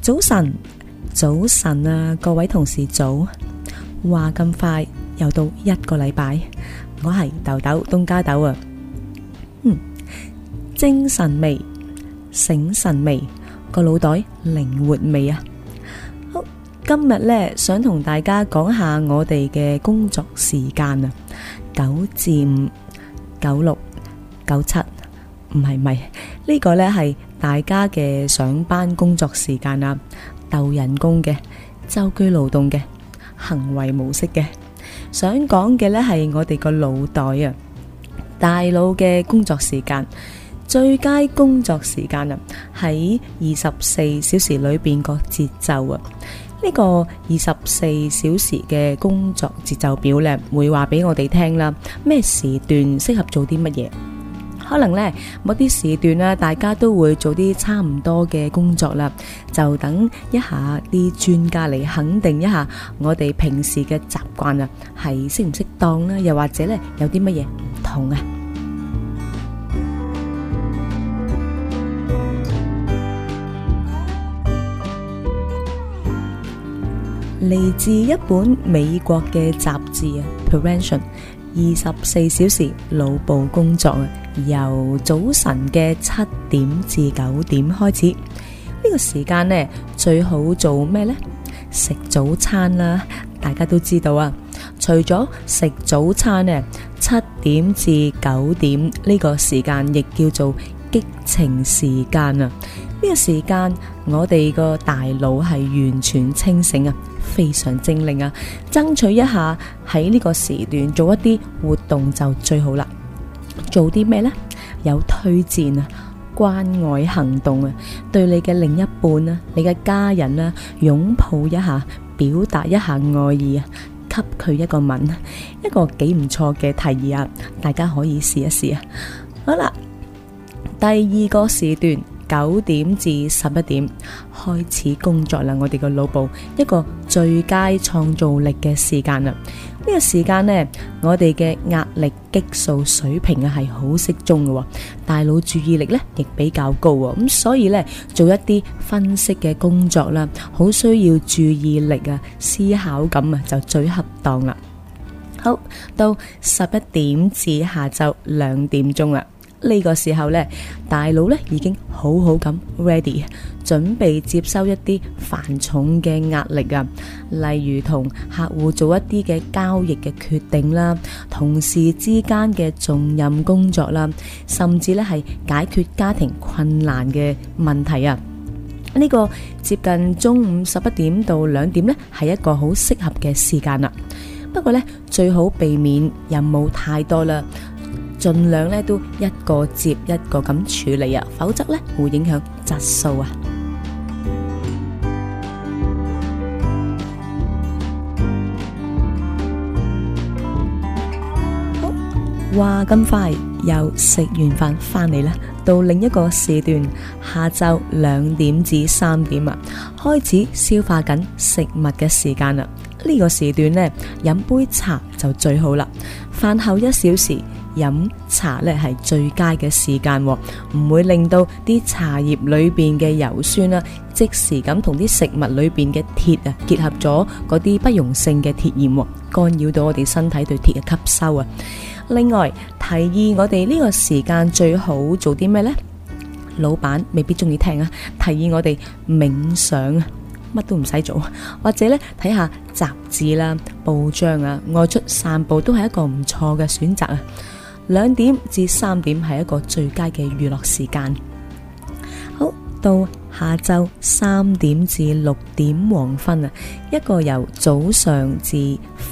早晨，早晨啊，各位同事早，話咁快又到一個禮拜，我係豆豆東加豆啊，嗯，精神未？醒神未？個腦袋靈活未啊？好，今日呢想同大家講下我哋嘅工作時間啊，九至五、九六、九七，唔係，唔係，呢個呢係。大家嘅上班工作時間啊，斗人工嘅周居勞動嘅行為模式嘅，想講嘅呢係我哋個腦袋啊，大腦嘅工作時間，最佳工作時間啊，喺二十四小時裏邊個節奏啊，呢個二十四小時嘅工作節奏表呢，會話俾我哋聽啦，咩時段適合做啲乜嘢？可能呢，某啲時段啊，大家都會做啲差唔多嘅工作啦，就等一下啲專家嚟肯定一下我哋平時嘅習慣啊，係適唔適當啦，又或者呢有啲乜嘢唔同啊？嚟自一本美國嘅雜誌啊，Prevention。二十四小時腦部工作啊，由早晨嘅七點至九點開始。呢個時間呢，最好做咩呢？食早餐啦，大家都知道啊。除咗食早餐呢，七點至九點呢個時間亦叫做。激情時間啊！呢個時間我哋個大腦係完全清醒啊，非常精靈啊，爭取一下喺呢個時段做一啲活動就最好啦。做啲咩呢？有推薦啊？關愛行動啊，對你嘅另一半啊，你嘅家人啊，擁抱一下，表達一下愛意啊，給佢一個吻，一個幾唔錯嘅提議啊，大家可以試一試啊！好啦。第二個時段，九點至十一點開始工作啦，我哋個腦部一個最佳創造力嘅時間啦。呢個時間呢，我哋嘅壓力激素水平啊係好適中嘅，大腦注意力呢亦比較高，咁所以呢，做一啲分析嘅工作啦，好需要注意力啊、思考感啊就最恰當啦。好，到十一點至下晝兩點鐘啦。呢個時候呢，大腦呢已經好好咁 ready，準備接收一啲繁重嘅壓力啊，例如同客戶做一啲嘅交易嘅決定啦，同事之間嘅重任工作啦，甚至呢係解決家庭困難嘅問題啊。呢個接近中午十一點到兩點呢，係一個好適合嘅時間啦。不過呢，最好避免任務太多啦。盡量咧都一個接一個咁處理啊，否則咧會影響質素啊。哇，咁快又食完飯翻嚟啦！到另一個時段，下晝兩點至三點，提議我哋呢個時間最好做啲咩呢？老闆未必中意聽啊！提議我哋冥想啊，乜都唔使做，或者呢睇下雜誌啦、報章啊，外出散步都係一個唔錯嘅選擇啊。兩點至三點係一個最佳嘅娛樂時間。好，到下晝三點至六點黃昏啊，一個由早上至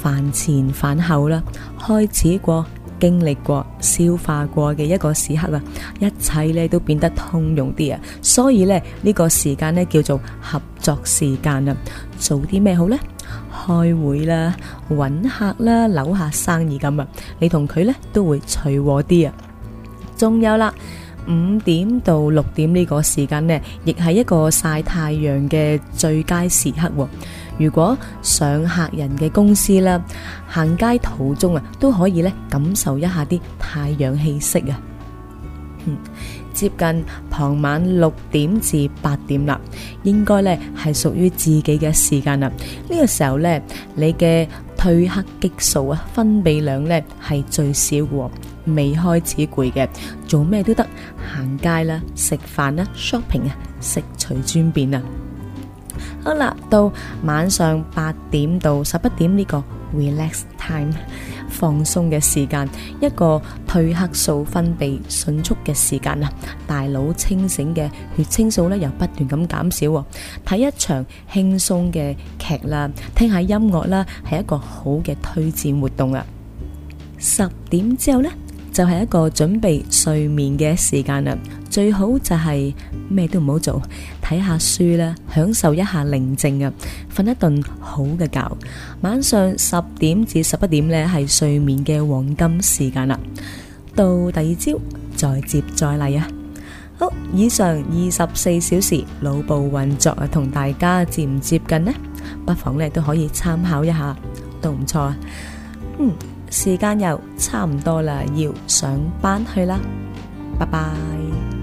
飯前飯後啦，開始過。經歷過、消化過嘅一個時刻啊，一切呢都變得通融啲啊，所以呢，呢個時間呢叫做合作時間啊，做啲咩好呢？開會啦，揾客啦，樓下生意咁啊，你同佢呢都會隨和啲啊。仲有啦，五點到六點呢個時間呢，亦係一個曬太陽嘅最佳時刻喎、哦。如果上客人嘅公司啦，行街途中啊，都可以咧，感受一下啲太陽氣息啊。嗯，接近傍晚六點至八點啦，應該咧係屬於自己嘅時間啦。呢個時候咧，你嘅褪黑激素啊分泌量咧係最少嘅，未開始攰嘅，做咩都得，行街啦、食飯啦、shopping 啊，食隨尊便啊。好啦，到晚上八點到十一點呢個 relax time 放鬆嘅時間，一個褪黑素分泌迅速嘅時間啦，大腦清醒嘅血清素呢又不斷咁減少，睇一場輕鬆嘅劇啦，聽下音樂啦，係一個好嘅推薦活動啊！十點之後呢。就係一個準備睡眠嘅時間啦，最好就係咩都唔好做，睇下書啦，享受一下寧靜啊，瞓一頓好嘅覺。晚上十點至十一點呢係睡眠嘅黃金時間啦，到第二朝再接再厲啊！好，以上二十四小時腦部運作啊，同大家接唔接近呢？不妨呢都可以參考一下，都唔錯啊！嗯，時間又差唔多啦，要上班去啦，拜拜。